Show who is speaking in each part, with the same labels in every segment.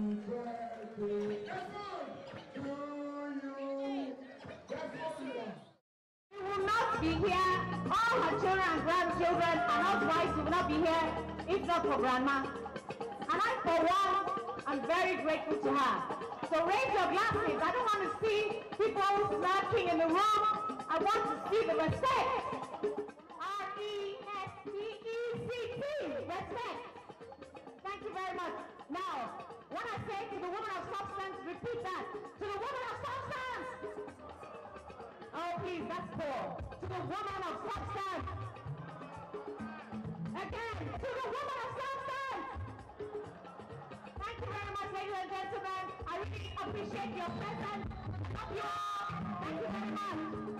Speaker 1: birthday. We will not be here. All her children and grandchildren and housewives will not be here if not for grandma. And I, for one, am very grateful to her. So raise your glasses. I don't want to see people smirking in the room. I want to see the respect. R-E-S-P-E-C-T, respect. Thank you very much. Now, what I say to the woman of substance repeat that. To the woman of substance. Oh, please, that's poor. To the woman of substance. Again, to the woman of substance. Thank you very much, ladies and gentlemen. I really appreciate your presence. Thank you all. Thank you very much.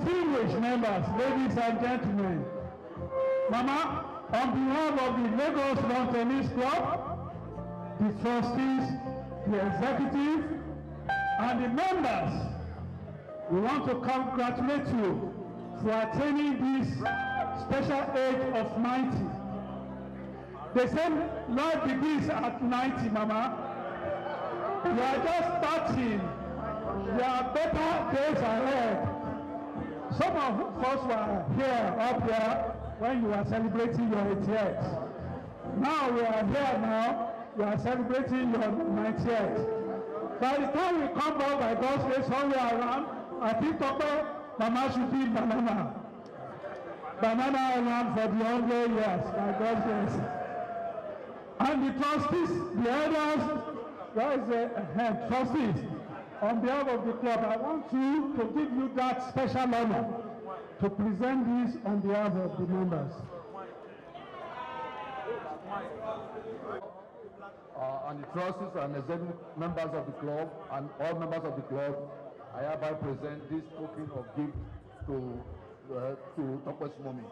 Speaker 1: distinguished members, ladies and gentlemen, Mama, on behalf of the Lagos Lawn Tennis Club, the trustees, the executive, and the members, we want to congratulate you for attaining this special age of 90. They say life begins at 90, Mama. You are just starting. There are better days ahead. Some of us were here up here when you were celebrating your 80th. Now we are here now, you are celebrating your 90th. By the time we come back by God's grace somewhere around, I think Papa, Mama should be banana. Banana Island for the hundred years, by God's grace. And the trustees, the elders, that is the uh, trustees on behalf of the club, I want you to give you that special honor to present this on behalf of the members. Uh, and the trustees and executive members of the club and all members of the club, I hereby present this token of gift to uh, to Tokwes Momi.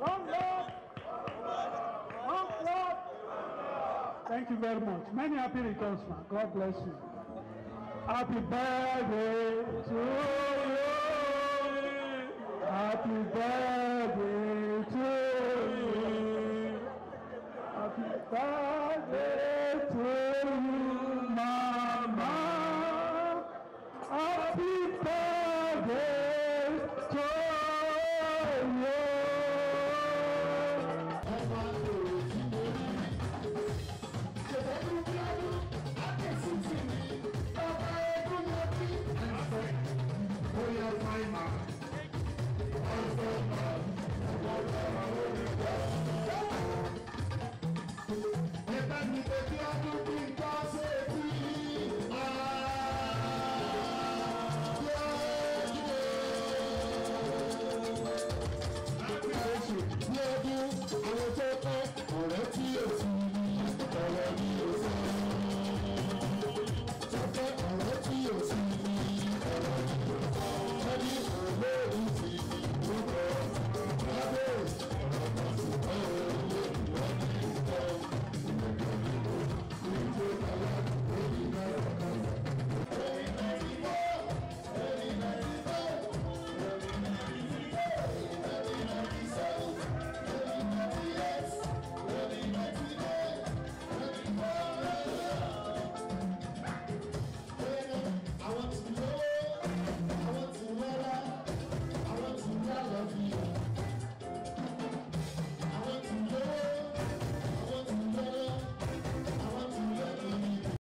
Speaker 1: Right. Thank you very much. Many happy returns, man. God bless you. Happy birthday to you. Happy birthday to you. Happy birthday to you.